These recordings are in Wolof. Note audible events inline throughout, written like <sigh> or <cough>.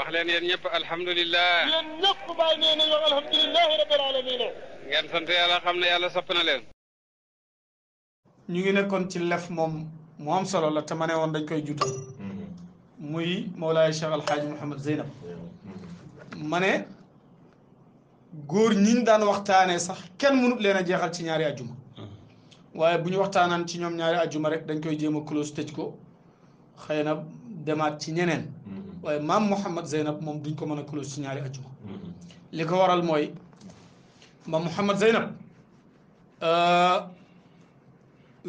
wax leen yéen ñëpp alhamdulilah yéen ñëpp bàyyi nee nañ wax alhamdulilahi rabbil alamina ngeen sant yàlla xam ne yàlla sopp na leen ñu ngi nekkoon ci lef moom mu am solo la te ma ne woon dañ koy juutal muy Mawlaay Cheikh Alxaaji Mouhamad Zeynab ma ne góor ñiñ daan waxtaanee sax kenn mënut leen a jeexal ci ñaari ajjuma waaye bu ñu waxtaanaan ci ñoom ñaari ajjuma rek dañ koy jéem a close tëj ko xëy na demaat ci ñeneen waaye maam Mouhamad Zeynab moom duñ ko mën a close ci ñaari ajjuma li ko waral mooy maam Mouhamad Zeynab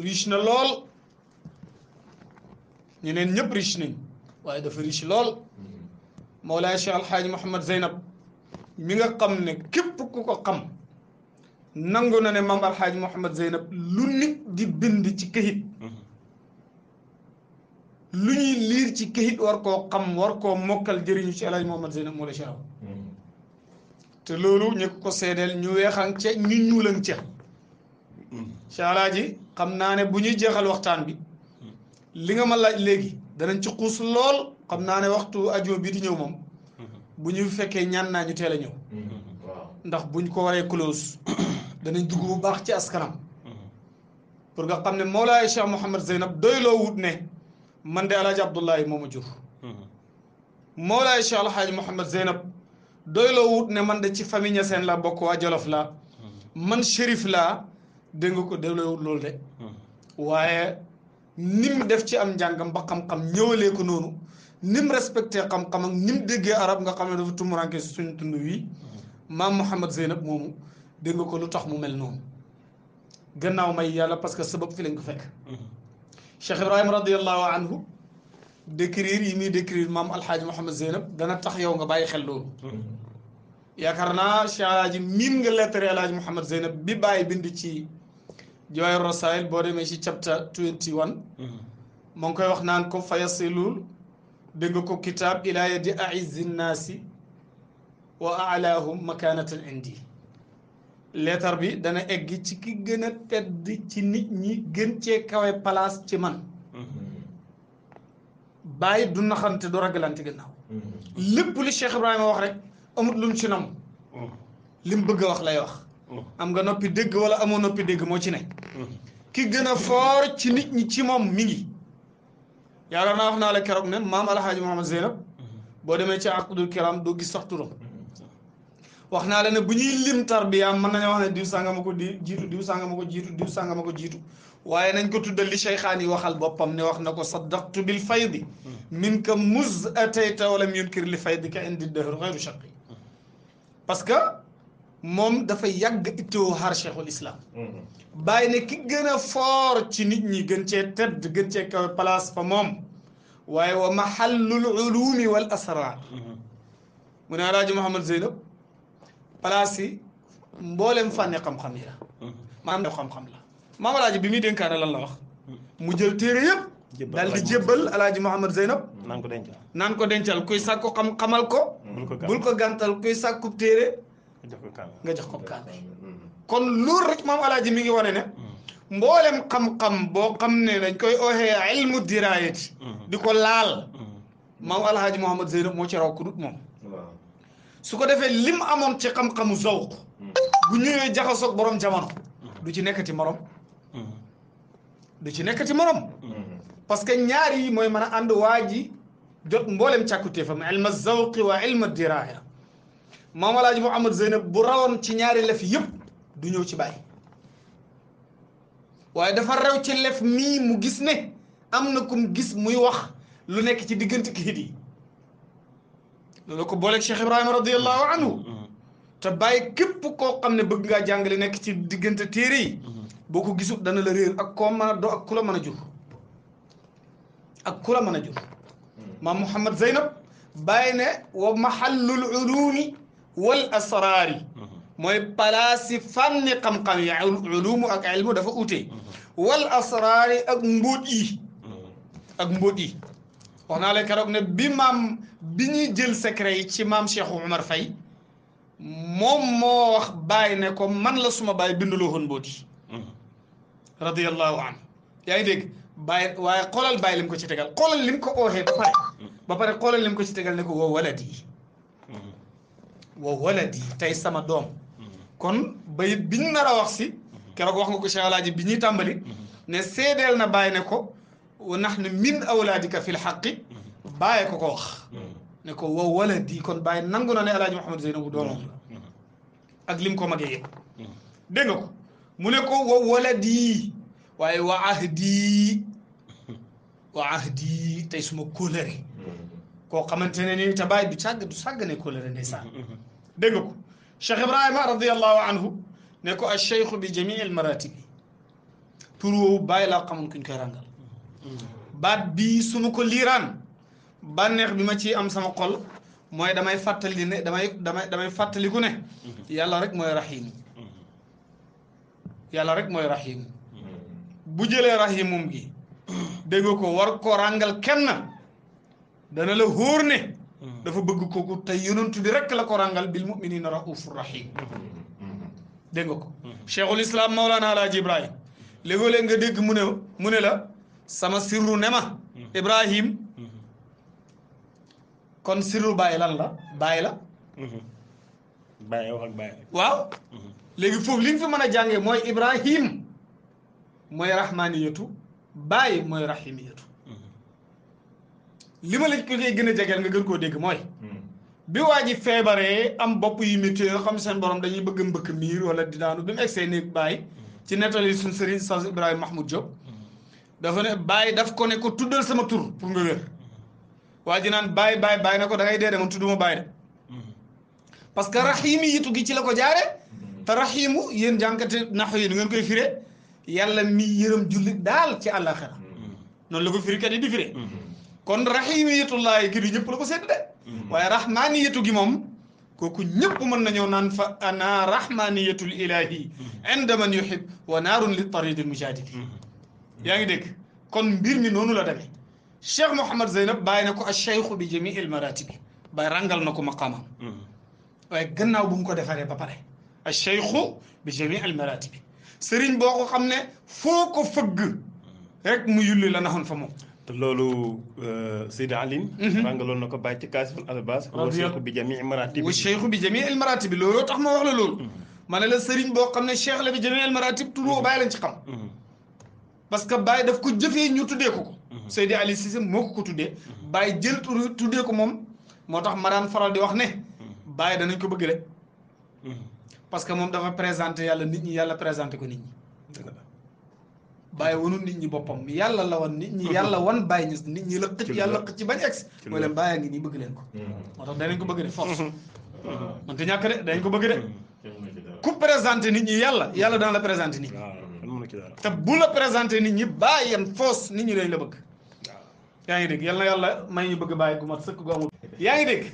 riche na lool ñeneen ñëpp riche nañ waaye dafa riche lool Mawlaay Cheikh Alxaaji Mouhamad Zeynab mi nga xam ne képp ku ko xam nangu na ne maam Alxaaji Mouhamad Zeynab lu nit di bind ci këyit lu ñuy liir ci këyit war ko xam war koo mokkal jëriñu ci El Hadj Mouhamad Zeynab Moulay Cheikh hmm. te loolu ñu ko seedeel ñu weexan ca ñu ñuulan ca hmm. Cheikh Alaaji xam naa ne bu ñuy jeexal waxtaan bi hmm. li nga ma laaj léegi danañ ci xuus lool xam naa ne waxtu ajoo bi di ñëw moom bu ñu fekkee ñaan naa ñu teel a ñëw ndax buñ ko waree close danañ dugg bu baax ci askanam pour nga xam ne Mawlaay Cheikh Mouhamad Zeynab doyloo wut ne man de alaaji abdullahi moomu jur moolaay hmm. cheikh alhaaji mouhamad zeynab doyloo wut ne man de ci famille ñaseen la bokk waa jolof la hmm. man shérif la dégg nga ko doyloo wut loolu de hmm. waaye nim def ci am njàngam ba xam-xam ñëwalee ko noonu nim respecté xam-xam nim déggee arab nga xam ne dafa tumuranke suñu tund wi maam mouhamad zeynab moomu dégg nga ko lu tax mu mel noonu gannaaw may yàlla parce que sabab fi lañ ko fekk Cheikh Ibrahima radiyallahu anhu décrire yi muy décrire maam Alxaaji Mouhamed Zeynab dana tax yow nga bàyyi xel loolu yaakaar naa Cheikh Alaaji miin nga lettre Alaaji Mouhamed Zeynab bi bàyyi bind ci Jawaahir Rasaa'il boo demee ci chapter 21 moo ngi koy wax naan ko fayasilul dégg nga ko kitaab ilaa yadi aizzi nnaasi wa alaahum makanatan indi leetar bi dana egg ci ki gën a tedd ci nit ñi gën cee kawe palaas ci man mm-hmm. bàyyi du naxante du ragalante gannaaw mm-hmm. lépp li Cheikh Ibrahima wax rek amut lum ci nam li mu bëgg a wax lay wax mm-hmm. am nga noppi dégg wala amoo noppi dégg moo ci ne ki gën a foor ci nit ñi ci moom mi ngi yaakaar naa wax naa la keroog ne maam alhaaji Mohamad Zeynab boo demee ci àqdul kiram doo gis sax wax naa la ne bu ñuy lim tarbiya mën nañoo wax ne diw sàngama ko di jiitu diw sàngama ko jiitu diw sàngama ko jiitu waaye nañ ko tuddal li cheykhaan yi waxal boppam ne wax na ko saddaqtu bil faydi min ka muz atayta walam yunkir li faydi ka indi dëhër xayru shaqi parce que moom dafa yàgg ittewoo xaar cheikhul islam bàyyi ne ki gën a fort ci nit ñi gën cee tedd gën cee kawe place fa moom waaye wa mahallul ulumi wal asrar mu ne alaaji Mouhamad Zeynab place yi mboolem fànne xam-xam yi la maanaam mm-hmm. la maam alaaji bi muy dénkaane lan la wax mm-hmm. mu jël téere yëpp daal di jébbal alaaji Mouhamad Zeynab naan ko dencal naan ko dencal kuy sàkku xam xamal ko bul ko gàntal kuy sàkku téere nga jox ko kaamil mm-hmm. kon loolu rek maam alaaji mi ngi wane ne mboolem xam-xam boo xam ne dañ koy ooxee ilmu diraayati di ko laal maam alaaji Mouhamad Zeynab moo ci raw kudut moom su ko defee lim amoon ci xam-xamu zawq bu ñëwee jaxasoog borom jamono du ci nekkati morom du ci nekkati morom parce que ñaar yi mooy mën a ànd ji jot mboolem càkkutéefam ilma zawqi wa ilma diraaya maam alaaji amoon Zeynab bu rawoon ci ñaari lef yëpp du ñëw ci bàyyi waaye dafa raw ci lef mii mu gis ne am na kum gis muy wax lu nekk ci diggante kiit yi loolu ko booleeg Cheikh Ibrahima radiyallahu anhu te bàyyi képp koo xam ne bëgg nga jàngale nekk ci diggante téere yi boo ko gisul dana la ak koo mën a doo ak ku la mën a jur ak ku la mën a Zeynab bàyyi ne wa mahallul ulumi wal asraari mooy palaas yi fànni xam-xam yi ulumu ak ilmu dafa ute wal asraari ak mbóot yi ak mbóot wax naa leen keroog ne bii maam bi ñuy jël secret yi ci maam Cheikh Oumar fay moom moo wax bàyyi ne ko man la suma baay binduloo woon mbooti mm-hmm. radiyallahu an yaa ngi dégg bàyyi waaye xoolal bàyyi lim ko ci tegal xoolal lim ko ooxee ba pare mm-hmm. ba pare ko ci tegal ne ko woo waladi mm-hmm. woo waladi tey sama doom kon bayit bi ñu nar a wax si keroog wax nga ko Cheikh Alaaji bi ñuy tàmbali ne seedeel na bàyyi ne ko ونحن من أولادك في الحق بايك وخ نكو ولدي كون باي نانغونا ني الحاج محمد زينب دوم اك ليم كو ماغي دنگو مونيكو واي وعهدي وعهدي تاي كولري كو خامتيني ني تباي بي تاغ دو ساغ ني كولري شيخ ابراهيم رضي الله عنه نكو الشيخ بجميع المراتب تورو باي لا خامن كين baat bi sumu ko liran banex bi ma am sama xol moy damay fatali ne damay damay damay ku ne yalla rek moy rahim yalla rek moy rahim bu jele rahimum gi dego ko war ko rangal kenn dana la hóor ne dafa bëgg kooku tay yonent bi rek la ko rangal bil muminina rahufur rahim dégg ko hmm. cheikhul islam maulana ala ibrahim legole nga deg mu ne mu ne la sama sirru ne ma mhm. Ibrahim mhm. kon sirru bàyyi lan la bàyyi la mhm. bàyyi wax waaw léegi foofu li nga fi mën a jàngee mooy Ibrahim mooy rahmaniyatu bàyyi mooy rahimiyatu li ma la ko gën a jegeel nga gën koo dégg mooy bi waa ji feebaree am bopp yu métti xam seen borom dañuy bëgg mbëkk miir wala di daanu bi mu egsee néeg bàyyi ci nettali suñ sëriñ Sas Ibrahima Mahmoud Diop dafa ne bàyyi daf ko ne ko tuddal sama tur pour nga wér waa ji naan baay baay bàyyi na ko dangay ngay dee de man tudduma bàyyi de parce que raxiimi yitu gi ci la ko jaare te raxiimu yéen jànkate naxu yi nu ngeen koy firee yàlla mi yërëm jullit daal ci àllaaxira noonu la ko firi kat yi di firee kon raxiimi yitullaahi gi du ñëpp la ko sedd de waaye raxmaani yitu gi moom kooku ñëpp mën nañoo naan fa ana raxmaaniyatul ilaahi inda man yuhib wa naarun li taridil mujaadili yaa ngi dégg kon mbir mi noonu la demee cheikh mouhamad zeynab bàyyi na ko a cheikhu bi jami il maratibi bàyyi rangal na ko maqaamam waaye gannaaw bu mu ko defaree ba pare a cheikhu bi jami il maratibi sëriñ boo ko xam ne foo ko fëgg rek mu yulli la naxoon fa moom te loolu Seydi Aline rangaloon na ko bàyyi ci kaasiful albas wa cheikhu bi jami il maratibi wa cheikhu bi jami il maratibi looloo tax ma wax la loolu ma ne la sëriñ boo xam ne cheikh la bi jami il maratib tudoo bàyyi lañ ci xam parce que baay daf ko jëfee ñu tuddee ko ko. Mhm. Seydi Ali Cissé moo ko ko tuddee. Mhm. Baye jël tur tuddee ko moom moo tax ma daan faral di wax ne. Mhm. Baye danañ ko bëgg le parce que moom dafa présenté yàlla nit ñi yàlla présenté ko nit ñi. Baye wanul nit ñi boppam yàlla la wan nit ñi yàlla wan Baye nit ñi la xëcc yàlla xëcc ci bañ egsi. ci mooy leen Baye ngi nii bëgg leen ko. moo tax danañ ko bëgg de force. ku présenté nit ñi yàlla yàlla dana la présenté nit ci dara te bu la présenté nit ñi bàyyan foos nit ñi dañ la bëgg yaa ngi dégg yal na yàlla may ñu bëgg bàyyi gu mat sëkk gu amul yaa ngi dégg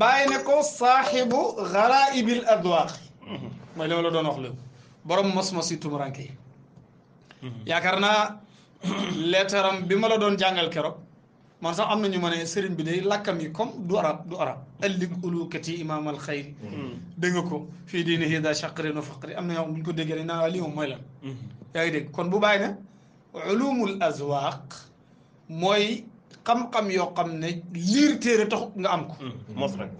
bàyyi ne ko saaxibu xaraibil adwaaq mooy li ma la doon wax léegi borom mos-mos yi tumuranke yi yaakaar naa leetaram bi ma la doon jàngal keroog man sax am na ñu ma ne sëriñ bi day lakkam yi comme du arab du arab allig ulukati imam al xayr dégg nga ko fii diini hida chaqri no faqri am na ñoo xam bu ñu ko déggee dañ naan lii moom mooy lan yaa ngi kon bu bàyyi ulumul azwaq moy xam-xam yoo xam ne liir téere taxut nga am ko. mos rek.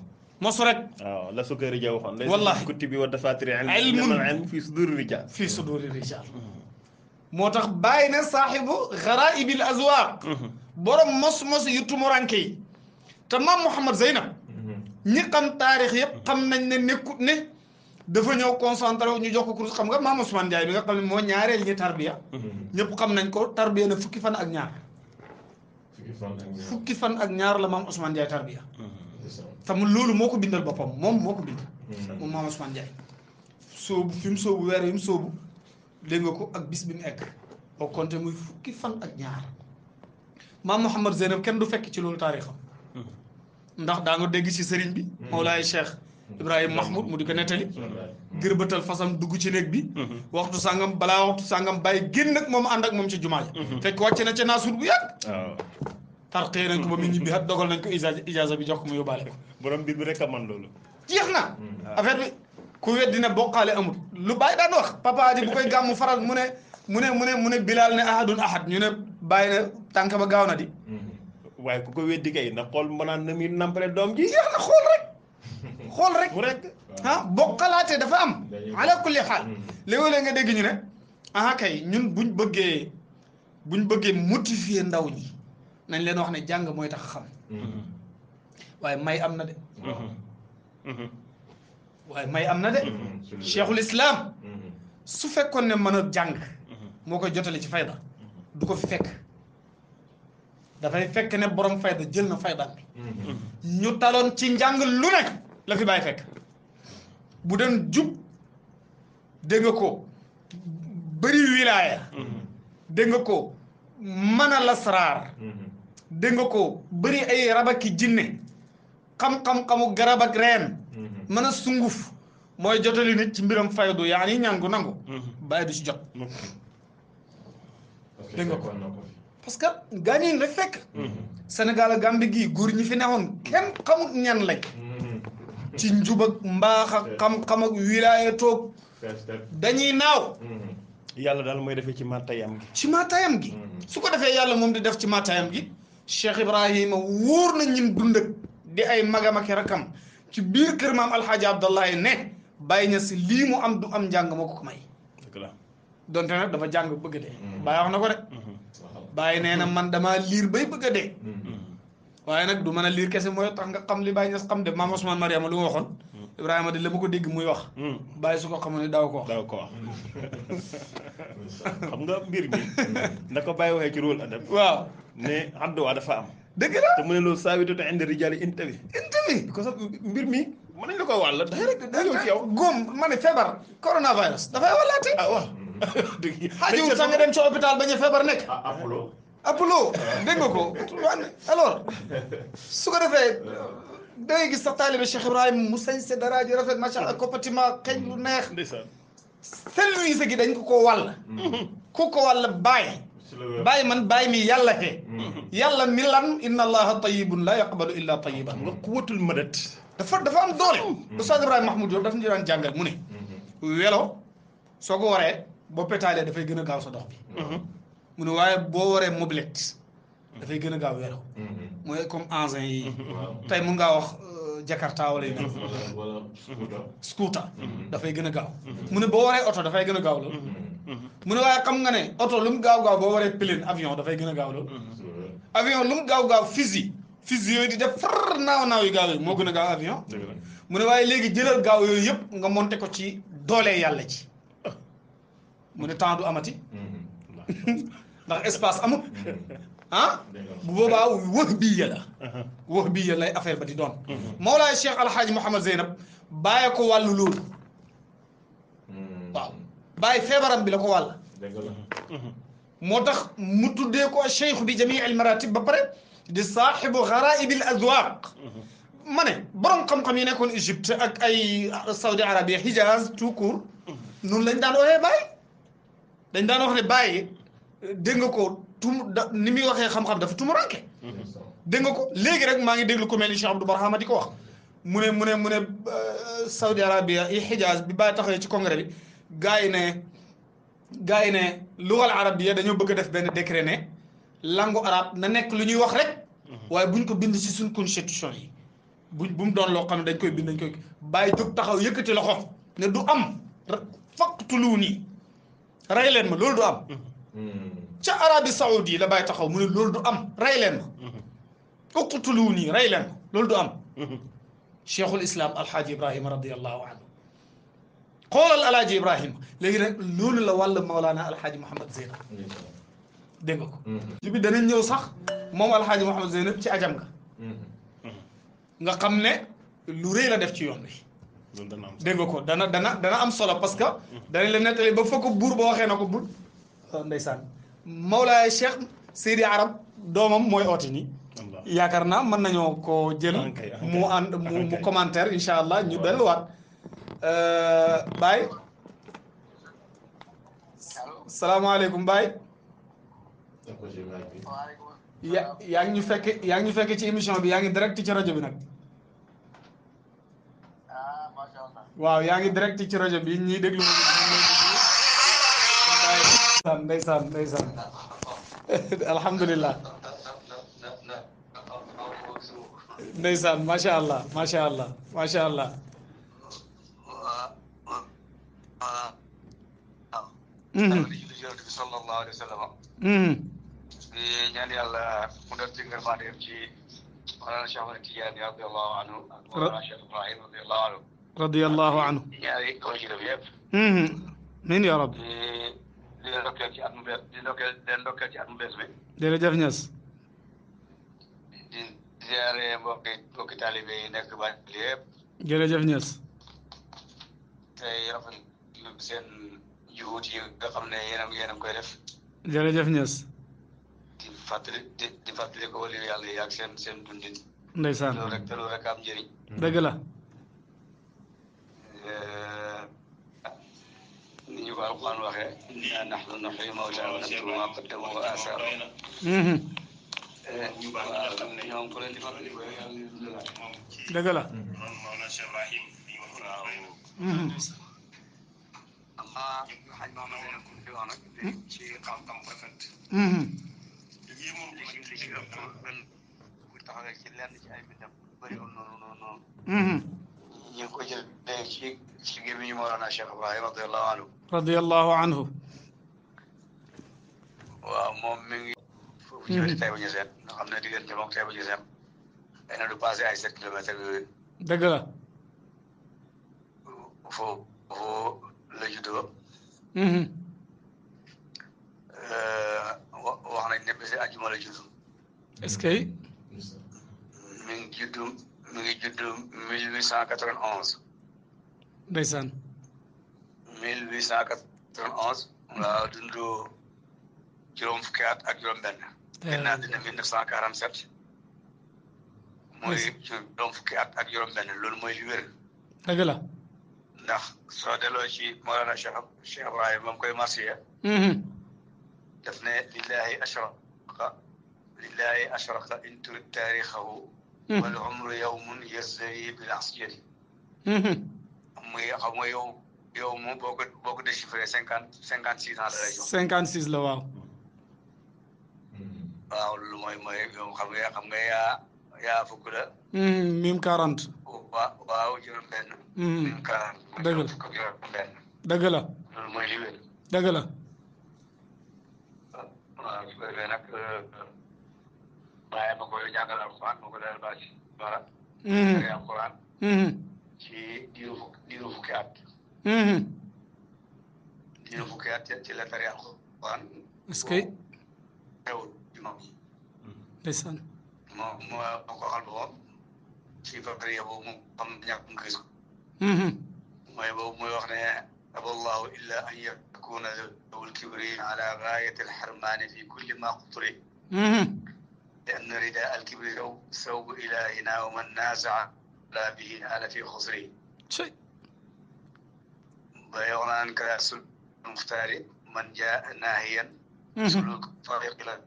mos rek. waaw la su ko rija waxoon. wallaahi kutubi wa dafaatiri ilmun fi suduri rijaal fi suduri rijaal moo tax bàyyi ne saaxibu azwaq borom mos-mos yu tumuranke yi te maam Mouhamad Zeynab ñi xam taarix yëpp xam nañ ne nekkut ne. dafa ñëw concentré wu ñu jox kurus xam nga maam Ousmane Ndiaye bi nga xam ne moo ñaareel ñi tarbiya mm-hmm. ñëpp xam nañ ko tarbiya na fukki fan ak ñaar fukki fan ak ñaar la maam Ousmane Ndiaye sama mm-hmm. loolu moo ko bindal boppam moom moo ko bindal mm-hmm. moom fi mu soobu weer yi mu soobu dégg nga ko ak bis bi muy fukki fan ak ñaar maam Mouhamad Zeynab kenn du fekk ci loolu taarixam ndax daa nga dégg ci sëriñ bi Mawlaay Cheikh Ibrahima Mahmoud mu di ko nettali. gërbëtal fasam dugg ci néeg bi. waxtu sàngam balaa waxtu sàngam bàyyi génn ak moom ànd ak moom ci jumaa ji. fekk wàcce na ca naasur bu yàgg. waaw tarxee nañ dogal nañ ko ijaaza bi jox ko mu yóbbaale biir bi rek a man na. Hmm. affaire bi ku weddi ne bokkaale amul. lu bàyyi daan wax papa bu koy gàmmu faral mu ne mu ne mu ne mu ne bilaal ne ahadun ahad ñu ne bàyyi ne tànk ba gaaw na di. Hmm. waaye ku ko weddi kay na xool mënaan na muy nampale doom ji. jeex na xool rek. xool rek boo bokkalaatee dafa am ala xaal léeg-léeg nga dégg ñu ne ah kay ñun buñ bëggee buñ bëggee motiver ndaw ñi nañ leen wax ne jàng mooy tax xam mm-hmm. waaye may am na de mm-hmm. Mm-hmm. waaye may am na de cheikhul islam su fekkoon ne mën a jàng moo koy jotale ci fayda du ko fi fekk dafay fekk ne borom fayda jël na fayda ñu taloon ci njàng lu nekk la fi bàyyi fekk bu doon jub dégg ko bëri wilaaya dégg nga ko mën ko bëri ay rabaki jinne xam-xam-xamu garab reen mën sunguf mooy jotali nit ci mbiram faydu yaa ni ñaan gu nangu bàyyi du ci jot dégg nga ko que gaa ñi rek fekk mhm. Sénégal a Gambie gii góor ñi fi neexoon kenn xamut ñan lañ ci njub ak mbaax ak xam-xam ak toog dañuy naaw mm-hmm. yàlla daal mooy defee ci mattayam gi ci mattayam gi mm-hmm. su ko defee yàlla moom di def ci mattayam gi Cheikh Ibrahima wóor na ñun dund di ay magam ak rakam ci biir kër maam alxaaji Abdallahi ne bàyyi ña si lii mu am du am njàng ma jàng bëgg dee mm-hmm. bàyyi wax na ko de bàyyi nee na man damaa liir bay bëgg a waaye nag du mën a liir kese mooy tax nga xam li Baye Niass xam de maam Ousmane Mariama lu ma waxoon. Hmm. Ibrahima de la ma ko dégg muy wax. Hmm. Baye su ko xamoon ne ko wax. daaw ko wax xam nga mbir mi na ko Baye waxee ci rôle adab. waaw ne adduwaa dafa am. dëgg la te mu ne loolu saa wi dootul indi rijaali inta bi. inta mbir mi mën nañu la ko wàll. day rek day ma ne feebar. coronavirus dafay wàllaate. ah waaw. <laughs> dëgg la xaajul nga dem ci hôpital bañ a feebar nekk. Ah, appeloo dégg nga ko alors su ko defee da ngay gis sax taalibe Cheikh Ibrahima mu sañse dara ji rafet macha allah compartiment xëy lu neex. ndeysaan service gi dañ ko koo wàll. ku ko wàll bàyyi. bàyyi man bàyyi mi yàlla xee. yàlla mi lan inna allaha tayyibun la yaqbalu illa tayyiban. wa quwatul madat. dafa dafa am doole. Oustaz Ibrahima Mahmoud Diop daf ñu daan jàngal mu ne. welo soo ko waree boo pétaalee dafay gën a gaaw sa dox bi. mu ne waaye boo waree mobilette dafay gëna gaaw weeru mhm. mooy comme engin yi tey mun ngaa wax euh, jakarta wala yu mel mhm. dafay gën a gaaw ne boo waree oto dafay gën a gaaw lool mhm. mu ne waaye xam nga ne oto lu mu gaaw gaaw boo waree plane avion dafay gën a gaaw lool avion lu gaaw gaaw fusil fusil yooyu di def far naaw naaw yu gaaw yi moo gën a gaaw avion mu ne waaye léegi jëlal gaaw yooyu yëpp nga monte ko ci doole yàlla ci ah. mu ne temps amati <laughs> ndax espace amul ah bu boobaa wax biya la wax biya lay affaire ba di doon Mawlaay Cheikh Alxaaji Mouhamad Zeynab bàyyi ko wàllu loolu waaw bàyyi feebaram bi la ko wàll moo tax mu tuddee ko cheikh bi jamii al maratib ba pare di saaxibu garaibil azwaq ma ne borom xam-xam yi nekkoon Égypte ak ay Saudi Arabie Hijaz tout court noonu lañ daan waxee bàyyi dañ daan wax ne bàyyi dégg nga ko tum da ni muy waxee xam-xam dafa tumuranke dégg nga ko léegi rek maa ngi déglu ku mel ni Cheikh Abdou a di ko wax mu ne mu ne mu ne euh, Saudi Arabia yi Hijaz bi bàyyi taxawee ci congrès bi gars yi ne gars yi ne lugal arabia dañoo bëgg a def benn décret ne langu arab na nekk lu ñuy wax rek waaye buñ ko bind si suñ constitution yi buñ bu mu doon loo xam ne dañ koy bind dañ koy bàyyi jóg taxaw yëkkati loxo ne du am faqtuluuni rey leen ma loolu du am ci Arabie Saoudi la bay taxaw mune lolou du am ray len ma uqtulu nii rey leen du am cheikhul islam alhaaji ibrahim radiyallahu anhu xoolal alhaaji ibrahim legi rek lolou la wal maulana alhaaji mouhamad zeynab dégg nga ko li bi danañ ñëw sax moom alhaaji mohammed zeynab ci adjam nga nga xamne lu reey la def ci yoon bi dégg nga ko dana dana dana am solo parce que danañ la netali ba fa ko bo waxe nako na ndaysan mawla Cheikh Sidi Arab domam moy oti ni yakarna man nañu ko jël. mu and mu mu commentaire incha allah ñu delluwaat. Euh, Baye. salaamaaleykum ya yaa ngi ñu fekk yaa ngi ñu fekk ci émission bi yaa ngi direct ci aja bi nag. Ah, waaw yaa ngi direct ci radio bi ñi déglu. <laughs> الحمد لله ميسان ما شاء الله ما شاء الله ما شاء الله رضي الله عنه رضي الله عنه من يا رب إيه. di leen ndokkeel ci at mu bees di ndokkeel di leen ndokkeel ci at mu bees bi. jërëjëf Niass. di ziare mbokki mbokki taalibe yi nekk ba lépp. jërëjëf Niass. tey rafetlu seen juhut yi nga xam ne yéen a yéen a koy def. jërëjëf Niass. di fàttali di di fàttali ko wala yàlla yi ak seen seen dundin. ndeysaan loolu rek te loolu rek am njëriñ. dëgg la. Eh, ko alquran waxee inna nahnu nuhyi mawta wa naktubu ma qaddamu wa asaru ñoom ku leen di fàttali ko dëgg la amma xaj ma ma leen kum di wax nag ci xam-xam rafet lii moom li li ci ëpp ren bu taxawee ci lenn ci ay bindam bëri woon noonu noonu noonu ñu ngi ko jël ci ci gémmiñu Mawlana Cheikh Ibrahim radiyallahu anhu radiyallahu anhu waaw moom mi ngi foofu ci Taïba Niassène nga xam ne diggante na du passé ay sept kilomètres yooyu dëgg la foofu la juddoo mhm. euh, wax nañ ne bési àjjuma la judd est-ce que mi huit cent quatre onze ndeysaan 1891 nga dund juróom fukki at ak juróom benn génn àddina 1947 mooy juróom fukki at ak juróom benn loolu mooy li wér dëgg la ndax soo delloo ci Mawlana Cheikh Cheikh Ibrahim moom koy marsiya daf ne lillahi ashraqa lillahi ashraqa in turid taarixahu wal umru yawmun yazdahi bil asjadi muy xam nga yow yow moom boo ko cinquante cinquante six ans la lay jox. cinquante la waaw. Hmm. mooy mooy xam nga xam nga yaa fukk la. mim hmm, quarante. Oh, hmm. quarante. dëgg la juróom benn. dëgg la. loolu diiru fukki diiru fukki at. dina ko kii at ci lettre yi alxuraan. est-ce que. teewul ci moom. ndeysaan. moo moo ko xal boppam ci papier boobu moom xam ñàkk mu gis ko. mooy boobu muy wax ne أبى الله إلا أن يكون ذو الكبر على غاية الحرمان في كل ما قطر لأن رداء الكبر ثوب إلهنا ومن نازع لا به آل في خسره شيء بيوران كاس المختار من جاء ناهيا سلوك طريق الى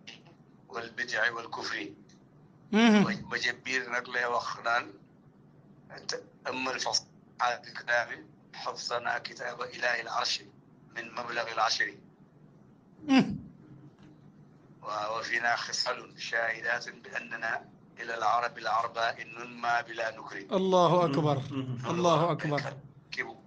والبدع والكفر وجبير نقل وخنان اما الفصحات الكتاب حفظنا كتاب اله العرش من مبلغ العشر وفينا خصال شاهدات باننا الى العرب العرباء ننمى بلا نكر الله اكبر الله اكبر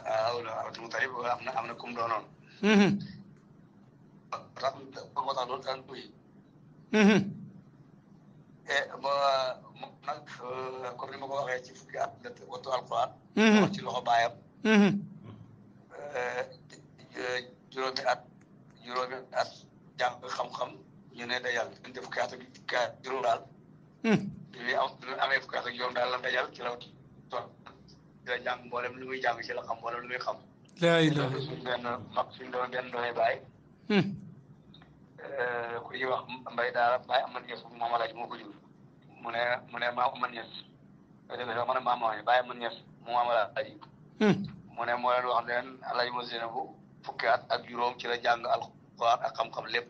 parce na Abdul Mutalib am na am na kum doonoon. rax moo tax loolu daan tuuti. et ba moom nag comme ni ma ko waxee ci fukki at la wattu alquran. wax ci loxo baayam. juróomi at juróomi at jàng xam-xam ñu ne dajal ñu fukki at ak daal. ñu ngi am amee fukki at ak daal la dajal ci la da jàng mboolem lu muy jàng ci la xam mboolem lu muy xam. laay la suñ benn mag suñ doon benn doone baay. Hmm. Euh, ku ñuy wax mbay daara baay amoon ñes bu moom laaj moo ko jur. mu ne mu ne maa amoon ñes. nga demee sax ma ne maa ma ne baay amoon ñes mu moom laaj. Hmm. mu ne moo leen wax ne leen El Hadj Moussa bu fukki at ak juróom ci la jàng alxuraan ak xam-xam lépp.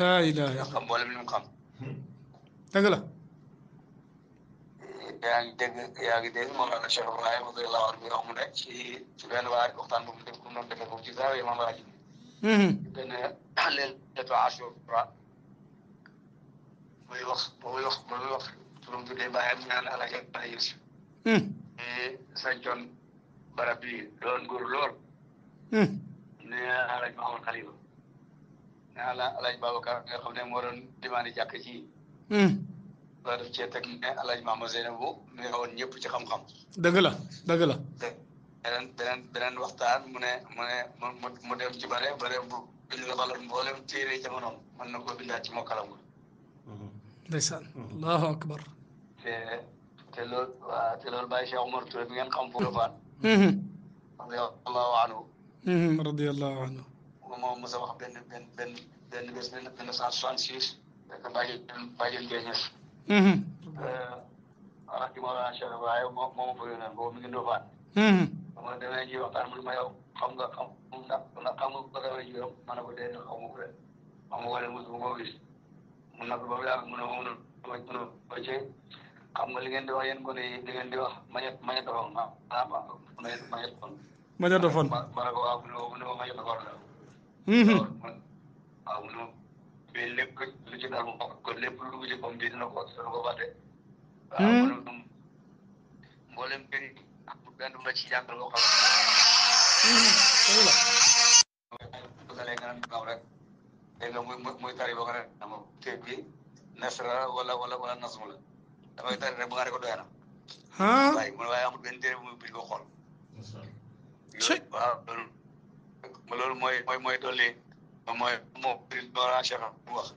laay la xam mboolem li mu xam. Hmm. dëgg la. yaa ngi dégg yaa ngi dégg moom laa la Cheikh Ibrahim radiyallahu anhu wax mu ne ci ci benn waay waxtaan bu mu def comme noonu defee ko ci zaawiya Imaam Raji. benn mm-hmm. leelatu Ashura muy wax muy wax muy wax turam tuddee bàyyam ñaan ala yàlla yus. te mm-hmm. sancoon barab bi doon góor lool. Mm-hmm. ne Alaaji Mahamad Xalifa ne Alaaji Babacar nga xam ne moo doon dimaani jàkk ci. loolu daf cee teg ne alaaj maama Zeynabu mu nga woon ñëpp ci xam-xam. dëgg la dëgg la. beneen beneen beneen waxtaan mu ne mu ne mu mu dem ci bare bare bu bind na xalam mboolem téere jamonoom mën na koo bindaat ci mokkalam nga. ndeysaan. Mm-hmm. Mm-hmm. allahu akbar. te te loolu waa te loolu bàyyi Cheikh Omar Touré bi ngeen xam foofu la faat. Mm-hmm. radiyallahu anhu. radiyallahu anhu. moom mos a wax benn benn benn benn bés benn benn cent soixante six. fekk bàyyi bàyyi Ndiaye Niass. hum hum eh, Mawlana Cheikh Ibrahima moo moo ma fa yónnee boobu mi ngi Ndofane. ba ma demee ji waxtaan ma yow ma ne ko dee xaw ma ko de xam nga wala mosu ma ko gis mu nag ba mu yàgg mu ne ma mu ne ma mu ne ma cee xam nga li ngeen di wax yéen ko ne li ngeen ma ah ma ma ma ne ma mañet doon la. waaw ma. bi lépp lu ci dal moom kon lépp lu dugg ci koom bi dina ko dina ko fàtte. waaw mboolem mboolem benn ak benn bu la ci jàngal loo xam. dëgg la. bu dalee nga naan gaaw rek dégg nga muy muy tari boo ko rek dama tey bi nasra wala wala wala nasmu la damay tari rek ba nga rek ko doy na. ah waaye man waaye amul benn téere bu muy bind ko xool. c' est waaw loolu mooy mooy mooy dolli. mooy moom président Cheikh wax.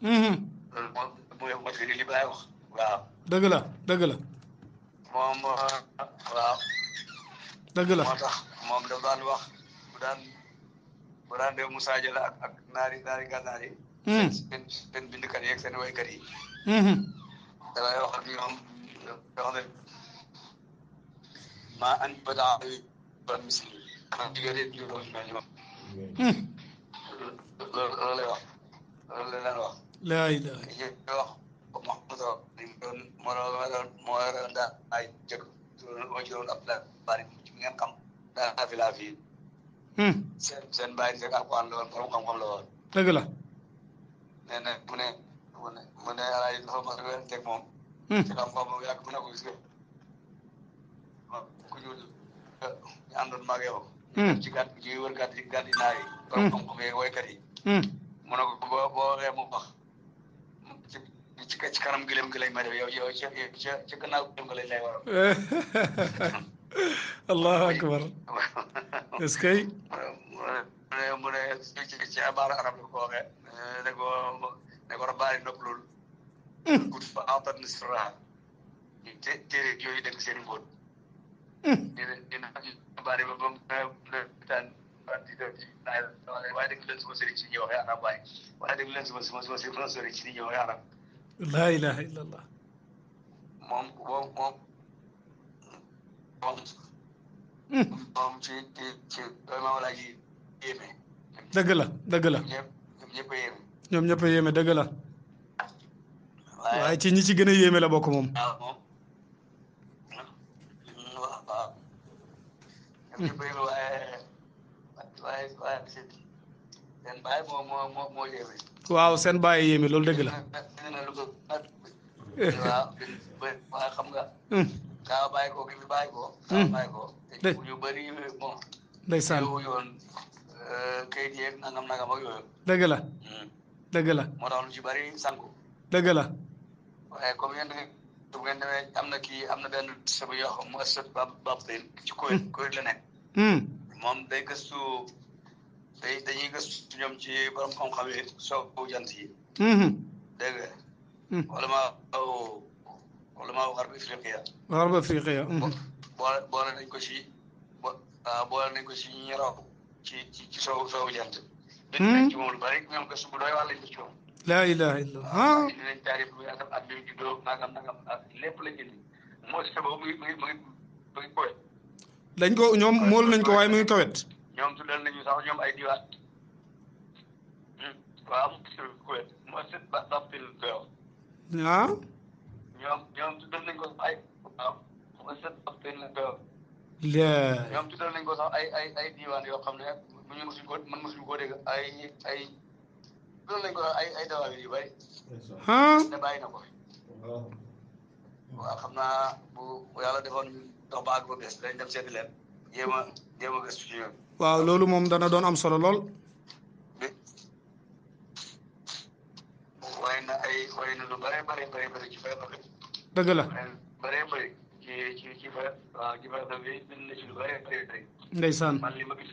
Mhm. loolu moom la dëgg la. moom waaw. dëgg la moo tax wax bu daan bu ak naari naari gànnaar yi. Mhm. seen seen bindkat yi ak seen waykat yi. Mhm. maa an ba ba misli. ma seen bàyyi seen alquran la woon borom xam-xam la woon dëgg la nee na mu ne mu ne mu ne alaay dafa mas wen teg moom ci xam-xam moom yàgg mu ne ko gis nga ku ñu ñu àndoon maag yow ci gàtt ci wër gàtt ci gàtt yi naa yi borom xam-xam yeeg waykat yi munoo ko boo boo waxee mu wax ci ci kanam gëlëm gi waaye dégg leen suma sëriñ si laa ilaha illa moom moom moom ci ci ci doy maama ji yéeme dëgg la dëgg ñoom ñëpp a yéeme waaye ci ñi ci gën a yéeme la bokk moom bàyyi bàyyi am seen seen waaw seen bàyyi yéeme loolu dëgg la. waaw xam nga. Hmm. kaa bàyyi ko ki fi bàyyi ko. Hmm. kaa bàyyi ko. te ñu bëri bon. ndeysaan yow yoon euh, kayit yooyu. dëgg la. Hmm. dëgg la. moo tax lu ci na kii am na benn sëb moom day gëstu day dañuy gëstu ci borom xam-xam yi soo jant yi. Mhm. dégg nga. wala mhm. maa wala maa xarab afriqiya. Mhm. nañ ko ci bo ah, boole ko ci ñi raw ci ci ci soo soo jant. dañ nekk ci moom lu bari ñoom gëstu bu doy waar lañ ko ci moom. laa ilaaha illallaah. Ah. indi nañ taarif bi ak at bi mu juddoo nangam nangam lépp dañ ko ñoom mool nañ ko waaye muy kawet ñoom tuddal nañu sax ñoom ay diwaan hmm. waaw kuwet moo sët ba daptil koy wax ah ñoom ñoom nañ ko sax ay waaw moo sët daptil koy wax ñoom nañ ko sax ay ay ay diwaan yoo xam ne mu ñu mosuñ ko man mosuñ ay ay nañ ko ay ay yu bëri ah xam naa yàlla defoon doxba ak ba bees dañ dem seeti leen jéem a jéem a gëstu ci ñoom. waaw loolu moom dana doon am solo lool. waaye na ay waaye na lu bëree bëri bëri bëri ci feebar bi. dëgg la bëree bëri ci ci ci feebar waaw ci feebar bi bind na ci lu bëree bëri bëri. ndeysaan man li ma gis.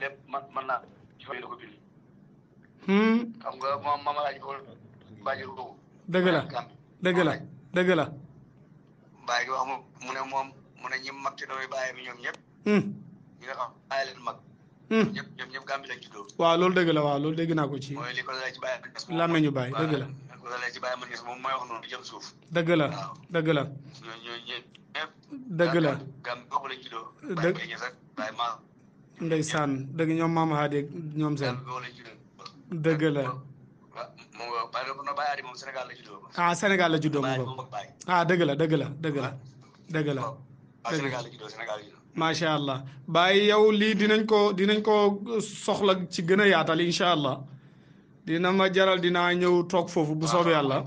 lépp man man naa ci fa la ko bind. xam nga moom mama laaj ko bàjjir boobu. dëgg la dëgg la dëgg la. bàyyi gi wax mu ne moom mu ne ñi mag ci doomi bàyyi bi ñoom ñëpp. Hmm. ñi mag. Hmm. ñëpp ñoom ñëpp Gàmbi lañ waaw loolu dëgg la waaw loolu dégg naa ko ci. mooy li lan nañu bàyyi dëgg la waaw ko dalee ci bàyyi suuf. dëgg la dëgg la. dëgg la Gàmbi bokk lañ dëgg ñoom ma. ndeysaan dëgg ñoom maam Hadi ñoom seen. dëgg la. mu ngoog Baye Dóor na la ah Sénégal la juddoo mu ah dëgg la dëgg la dëgg la allah Baye yow lii dinañ ko dinañ ko soxla ci gën a yaatal incha allah dina ma jaral dinaa ñëw toog foofu bu soobee yàlla.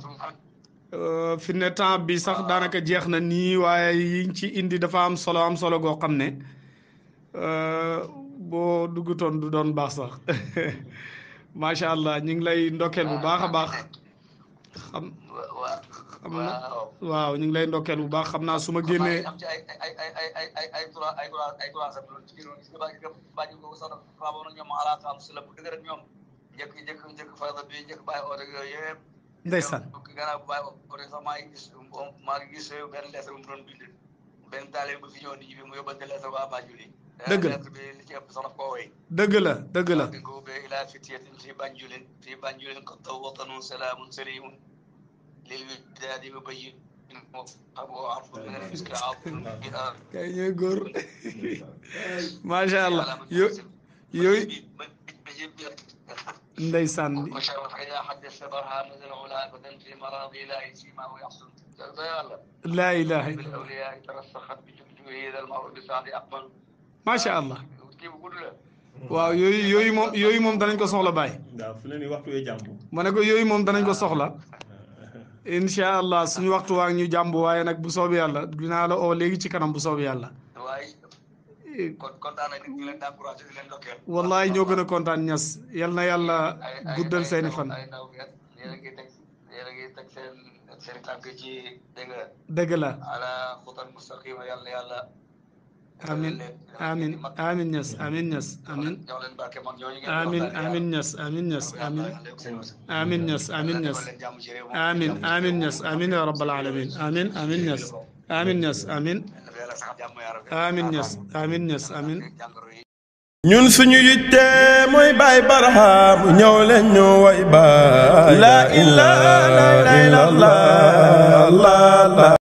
Euh, fi temps bi sax daanaka jeex na nii waaye yiñ ci indi dafa am solo am solo goo xam ne euh, boo duggutoon du doon baax sax. <laughs> macha allah ñu ngi lay ndokkeel bu baax a baax. xam xam na ñu ngi lay dokel bu baax xam naa su ma génnee. njëkk njëkk njëkk fayda bi njëkk bàyyi oo rek yooyu yëpp. ndeysaan gannaaw bu bàyyi oo rek sax maa ngi gis maa ngi gis benn lettre bu mu doon bind benn taale bu fi ñëw nit ñi bi mu yóbbante دقلة دقلة دقلة إلى فتية في في قد وطن سلام سليم للوداد مبين أبو عرف من آه، الفسك آه. كان <laughs> ما شاء الله يو إذا حدث برها في مراضي لا لا إله إلا الله الأولياء ترسخت بجمجمه إذا المرء بسعد أقبل macha allah waaw yooyu yooyu moom danañ ko soxla baay waaw fu ne nii waxtu wee ko yooyu moom danañ ko soxla. incha allah suñu waxtu waa ñu jàmbu waaye nag bu soobee yàlla dinaa la oo léegi ci kanam bu soobee yàlla. wallaay ñoo gën kontaan ñas yal na yàlla guddal seeni fan. dëgg amin amin amin ñes amin ñes amin amin amin ñes amin ñes amin amin ñes amin ñes amin amin ñes amin ya rabbal alamin amin amin ñes amin ñes amin amin ñes amin ñes amin ñun suñu yitte mooy baay barham ñëw leen ñu way baay la ilaha illallah